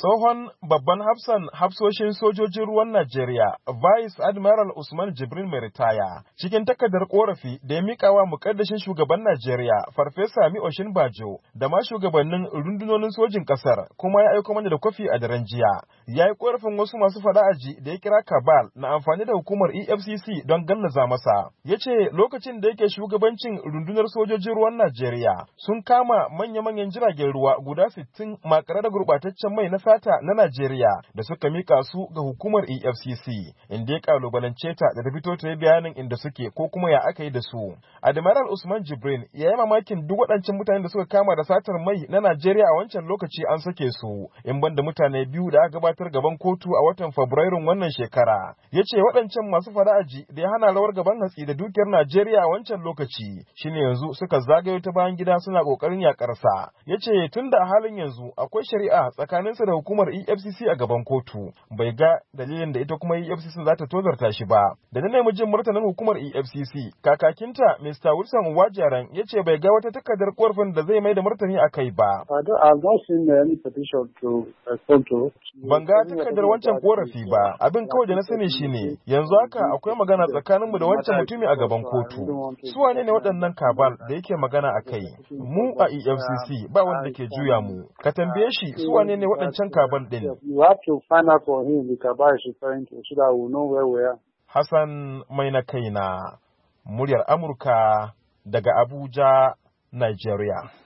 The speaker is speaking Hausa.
Tsohon babban hafsan hafsoshin sojojin ruwan Najeriya, Vice Admiral Usman Jibril mai ritaya, cikin takardar korafi da ya miƙa wa mukaddashin shugaban Najeriya, Farfesa Mi'oshin Bajo, da ma shugabannin rundunonin sojin ƙasar kuma ya aiko mana da kwafi a daren jiya. Ya yi korafin wasu masu fada'aji da ya kira Kabal na amfani da hukumar EFCC don gallaza masa. Ya ce lokacin da yake shugabancin rundunar sojojin ruwan Najeriya sun kama manya-manyan jiragen ruwa guda sittin makare da gurɓataccen mai na fata na Najeriya da suka mika su ga hukumar EFCC inda ya kalubalance ta da ta fito ta bayanin inda suke ko kuma ya aka yi da su. Admiral Usman Jibrin ya yi mamakin duk waɗancan mutanen da suka kama da satar mai na Najeriya a wancan lokaci an sake su in banda mutane biyu da aka gabatar gaban kotu a watan Fabrairun wannan shekara. Ya ce waɗancan masu fara'aji da ya hana rawar gaban hatsi da dukiyar Najeriya a wancan lokaci shine yanzu suka zagayo ta bayan gida suna ƙoƙarin yaƙarsa. Ya ce tun da a halin yanzu akwai shari'a tsakaninsu da hukumar EFCC a gaban kotu bai ga dalilin da ita kuma EFCC za ta tozarta shi ba. Da na nemi jin martanin hukumar EFCC kakakinta Mr. Wilson Wajaran ya ce bai ga wata takardar korafin da zai mai da martani a kai ba. Ban ga takardar wancan korafi ba abin kawai da na sani shi ne yanzu haka akwai magana tsakaninmu da wancan mutumi a gaban kotu. Su wane ne waɗannan kabal da yake magana a kai? Mu a EFCC ba wanda ke juya mu. Ka tambaye shi su wane ne waɗancan kan kaban din. You have to find out for him the kaba is referring to so that we know where we are. Hassan mai na kaina muryar Amurka daga Abuja, Nigeria.